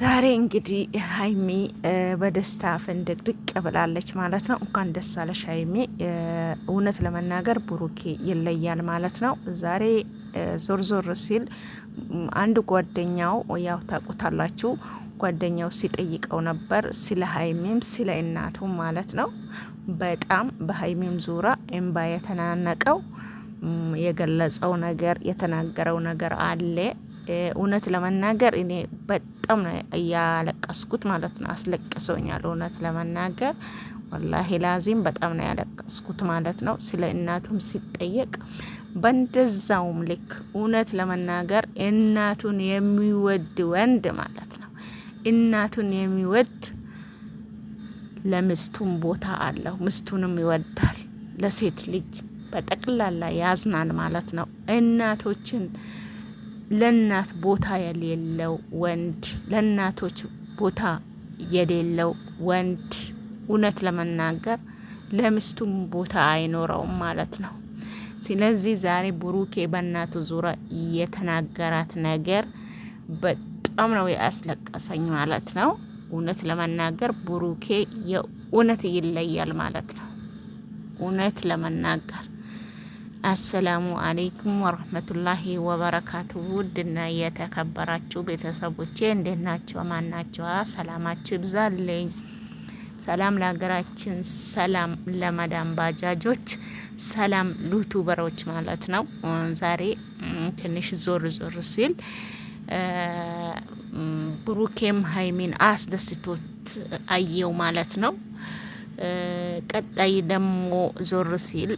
ዛሬ እንግዲህ ሀይሚ በደስታ ፍንድቅድቅ ብላለች ማለት ነው። እንኳን ደስ አለሽ ሀይሚ። እውነት ለመናገር ብሩኬ ይለያል ማለት ነው። ዛሬ ዞር ዞር ሲል አንድ ጓደኛው ያው ታቁታላችሁ ጓደኛው ሲጠይቀው ነበር ስለ ሀይሚም ስለ እናቱ ማለት ነው። በጣም በሀይሚም ዙራ እምባ የተናነቀው የገለጸው ነገር የተናገረው ነገር አለ እውነት ለመናገር እኔ በጣም ነው እያለቀስኩት ማለት ነው። አስለቅሶኛል እውነት ለመናገር ወላሂ ላዚም በጣም ነው ያለቀስኩት ማለት ነው። ስለ እናቱም ሲጠየቅ በንደዛውም ልክ እውነት ለመናገር እናቱን የሚወድ ወንድ ማለት ነው እናቱን የሚወድ ለምስቱም ቦታ አለው፣ ምስቱንም ይወዳል። ለሴት ልጅ በጠቅላላ ያዝናል ማለት ነው እናቶችን ለእናት ቦታ የሌለው ወንድ፣ ለእናቶች ቦታ የሌለው ወንድ እውነት ለመናገር ለምስቱም ቦታ አይኖረውም ማለት ነው። ስለዚህ ዛሬ ብሩኬ በእናቱ ዙሪያ የተናገራት ነገር በጣም ነው ያስለቀሰኝ ማለት ነው። እውነት ለመናገር ብሩኬ የእውነት ይለያል ማለት ነው። እውነት ለመናገር አሰላሙ አሌይኩም ወረህመቱላሂ ወበረካቱ። ውድና የተከበራችሁ ቤተሰቦቼ እንዴት ናቸው? ማን ናቸው? ሰላማችሁ ይብዛልኝ። ሰላም ለሀገራችን፣ ሰላም ለመዳም ባጃጆች፣ ሰላም ዩቱበሮች ማለት ነው። ዛሬ ትንሽ ዞር ዞር ሲል ብሩኬም ሀይሚን አስደስቶት አየው ማለት ነው። ቀጣይ ደግሞ ዞር ሲል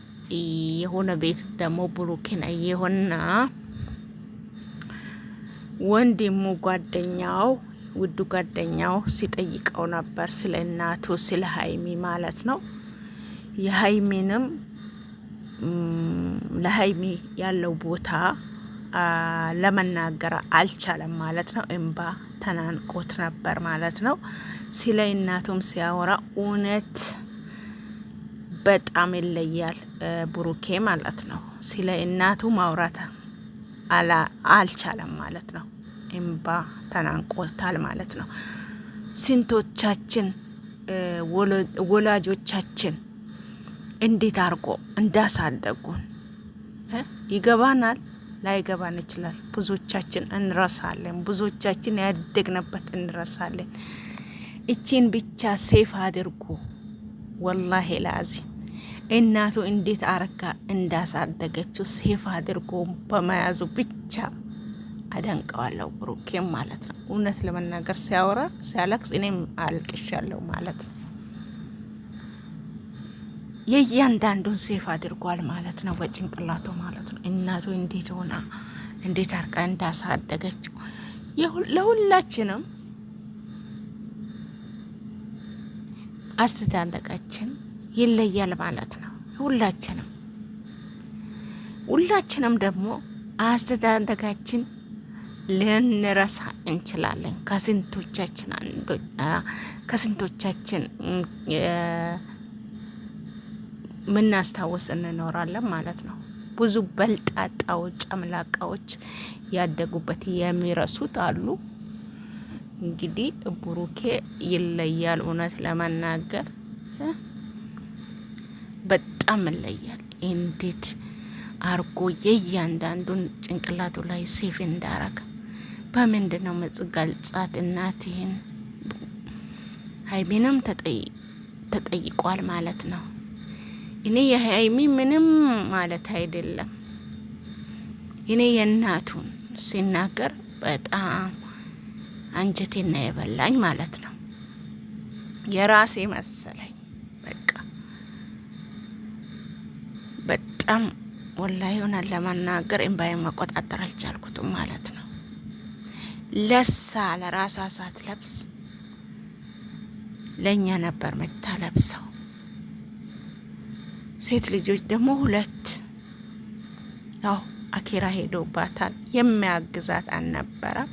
የሆነ ቤት ደግሞ ብሩኬን እየሆና ወንድሙ ጓደኛው ውዱ ጓደኛው ሲጠይቀው ነበር ስለ እናቱ ስለ ሀይሚ ማለት ነው። የሀይሚንም ለሀይሚ ያለው ቦታ ለመናገር አልቻለም ማለት ነው። እምባ ተናንቆት ነበር ማለት ነው። ስለ እናቱም ሲያወራ እውነት በጣም ይለያል። ብሩኬ ማለት ነው ስለ እናቱ ማውራት አልቻለም ማለት ነው። እምባ ተናንቆታል ማለት ነው። ስንቶቻችን ወላጆቻችን እንዴት አርጎ እንዳሳደጉን ይገባናል፣ ላይገባን ይችላል። ብዙዎቻችን እንረሳለን፣ ብዙዎቻችን ያደግንበት እንረሳለን። እቺን ብቻ ሴፍ አድርጉ ወላሂ ላዚ እናቱ እንዴት አረጋ እንዳሳደገችው ሴፍ አድርጎ በመያዙ ብቻ አደንቀዋለሁ። ብሩኬም ማለት ነው እውነት ለመናገር ሲያወራ ሲያለቅስ እኔም አልቅሻለሁ ማለት ነው። የእያንዳንዱን ሴፍ አድርጓል ማለት ነው፣ በጭንቅላቱ ማለት ነው። እናቱ እንዴት ሆና እንዴት አርቃ እንዳሳደገችው ለሁላችንም አስተዳደጋችን ይለያል ማለት ነው። ሁላችንም ሁላችንም ደግሞ አስተዳደጋችን ልንረሳ እንችላለን። ከስንቶቻችን ከስንቶቻችን ምናስታውስ እንኖራለን ማለት ነው። ብዙ በልጣጣዎች፣ ጨምላቃዎች ያደጉበት የሚረሱት አሉ። እንግዲህ ብሩኬ ይለያል እውነት ለመናገር በጣም እለያል። እንዴት አርጎ የእያንዳንዱን ጭንቅላቱ ላይ ሴፍ እንዳረግ በምንድን ነው መጽገልጻት? እናትህን ሀይሚንም ተጠይቋል ማለት ነው። እኔ የሀይሚ ምንም ማለት አይደለም። እኔ የእናቱን ሲናገር በጣም አንጀቴና የበላኝ ማለት ነው። የራሴ መሰለኝ በጣም ወላሂ የሆነን ለመናገር እምባዬን መቆጣጠር አልቻልኩትም ማለት ነው። ለሳ ለራሳ ለብስ ለእኛ ነበር ለብሰው ሴት ልጆች ደግሞ ሁለት ያው አኬራ ሄዶባታል። የሚያግዛት አልነበረም።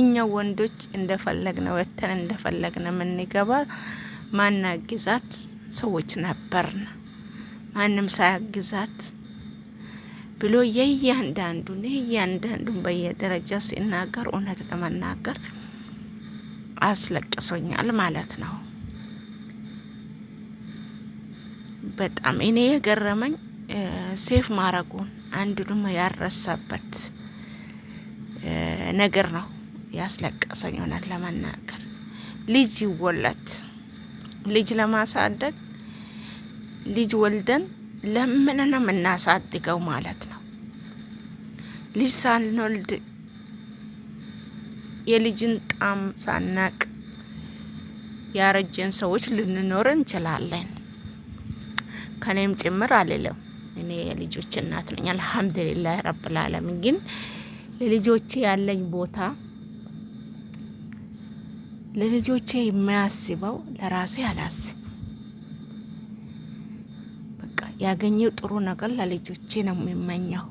እኛ ወንዶች እንደፈለግነ ወተን እንደፈለግነ የምንገባ ማናግዛት ሰዎች ነበርና ማንም ሳያግዛት ብሎ የእያንዳንዱን የእያንዳንዱን በየደረጃ ሲናገር እውነት ለመናገር አስለቅሶኛል ማለት ነው። በጣም እኔ የገረመኝ ሴፍ ማረጉን አንድ ድሞ ያረሰበት ነገር ነው ያስለቀሰኝ። እውነት ለመናገር ልጅ ይወለት ልጅ ለማሳደግ ልጅ ወልደን ለምንን የምናሳድገው ማለት ነው። ልጅ ሳንወልድ የልጅን ጣም ሳናቅ ያረጀን ሰዎች ልንኖር እንችላለን። ከኔም ጭምር አልለም። እኔ የልጆች እናት ነኝ፣ አልሐምዱሊላህ ረብል ዓለሚን። ግን ለልጆቼ ያለኝ ቦታ ለልጆቼ የማያስበው ለራሴ አላስብ ያገኘው ጥሩ ነገር ለልጆቼ ነው የሚመኘው።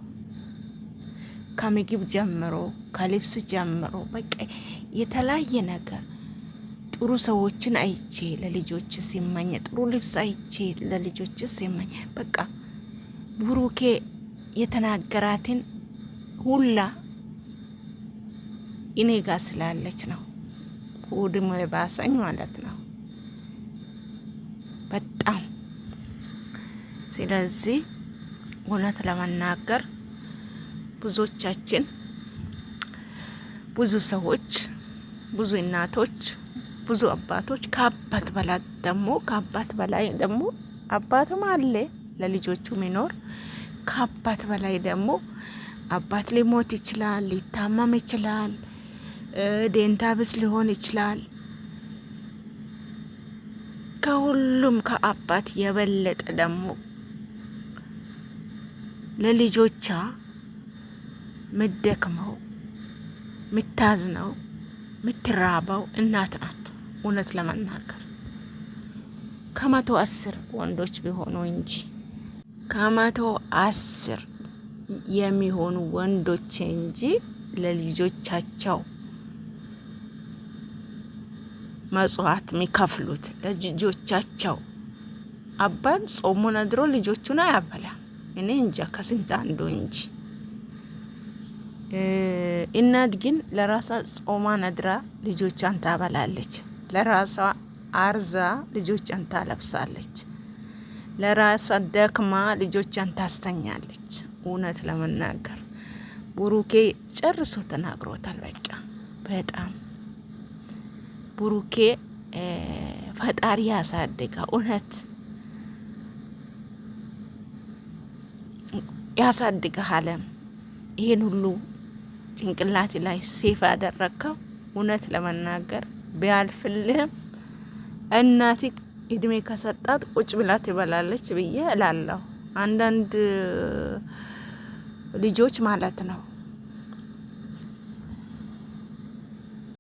ከምግብ ጀምሮ ከልብስ ጀምሮ በቃ የተለያየ ነገር ጥሩ ሰዎችን አይቼ ለልጆች ሲመኝ፣ ጥሩ ልብስ አይቼ ለልጆች ሲመኝ፣ በቃ ቡሩኬ የተናገራትን ሁላ እኔ ጋ ስላለች ነው ውድሞ የባሰኝ ማለት ነው። ስለዚህ እውነት ለመናገር ብዙዎቻችን ብዙ ሰዎች ብዙ እናቶች ብዙ አባቶች ከአባት በላይ ደግሞ ከአባት በላይ ደግሞ አባትም አለ ለልጆቹ ሚኖር ከአባት በላይ ደግሞ አባት ሊሞት ይችላል፣ ሊታመም ይችላል፣ ብስ ሊሆን ይችላል። ከሁሉም ከአባት የበለጠ ደግሞ ለልጆቿ ምደክመው ምታዝነው ምትራባው እናት ናት። እውነት ለመናገር ከመቶ አስር ወንዶች ቢሆኑ እንጂ ከመቶ አስር የሚሆኑ ወንዶች እንጂ ለልጆቻቸው መጽዋት የሚከፍሉት ለልጆቻቸው አባት ጾሙን አድሮ ልጆቹን አያበላም። እኔ እንጃ ከስንት አንዱ እንጂ እናት ግን ለራሷ ጾማ ነድራ ልጆቿን ታበላለች። ለራሷ አርዛ ልጆቿን ታለብሳለች። ለራሷ ደክማ ልጆቿን ታስተኛለች። እውነት ለመናገር ቡሩኬ ጨርሶ ተናግሮታል። በቃ በጣም ቡሩኬ ፈጣሪ ያሳድጋ እውነት ያሳድግሃል። ይህን ሁሉ ጭንቅላት ላይ ሴፍ ያደረግከው እውነት ለመናገር ቢያልፍልህም እናቴ እድሜ ከሰጣት ቁጭ ብላ ትበላለች ብዬ እላለሁ። አንዳንድ ልጆች ማለት ነው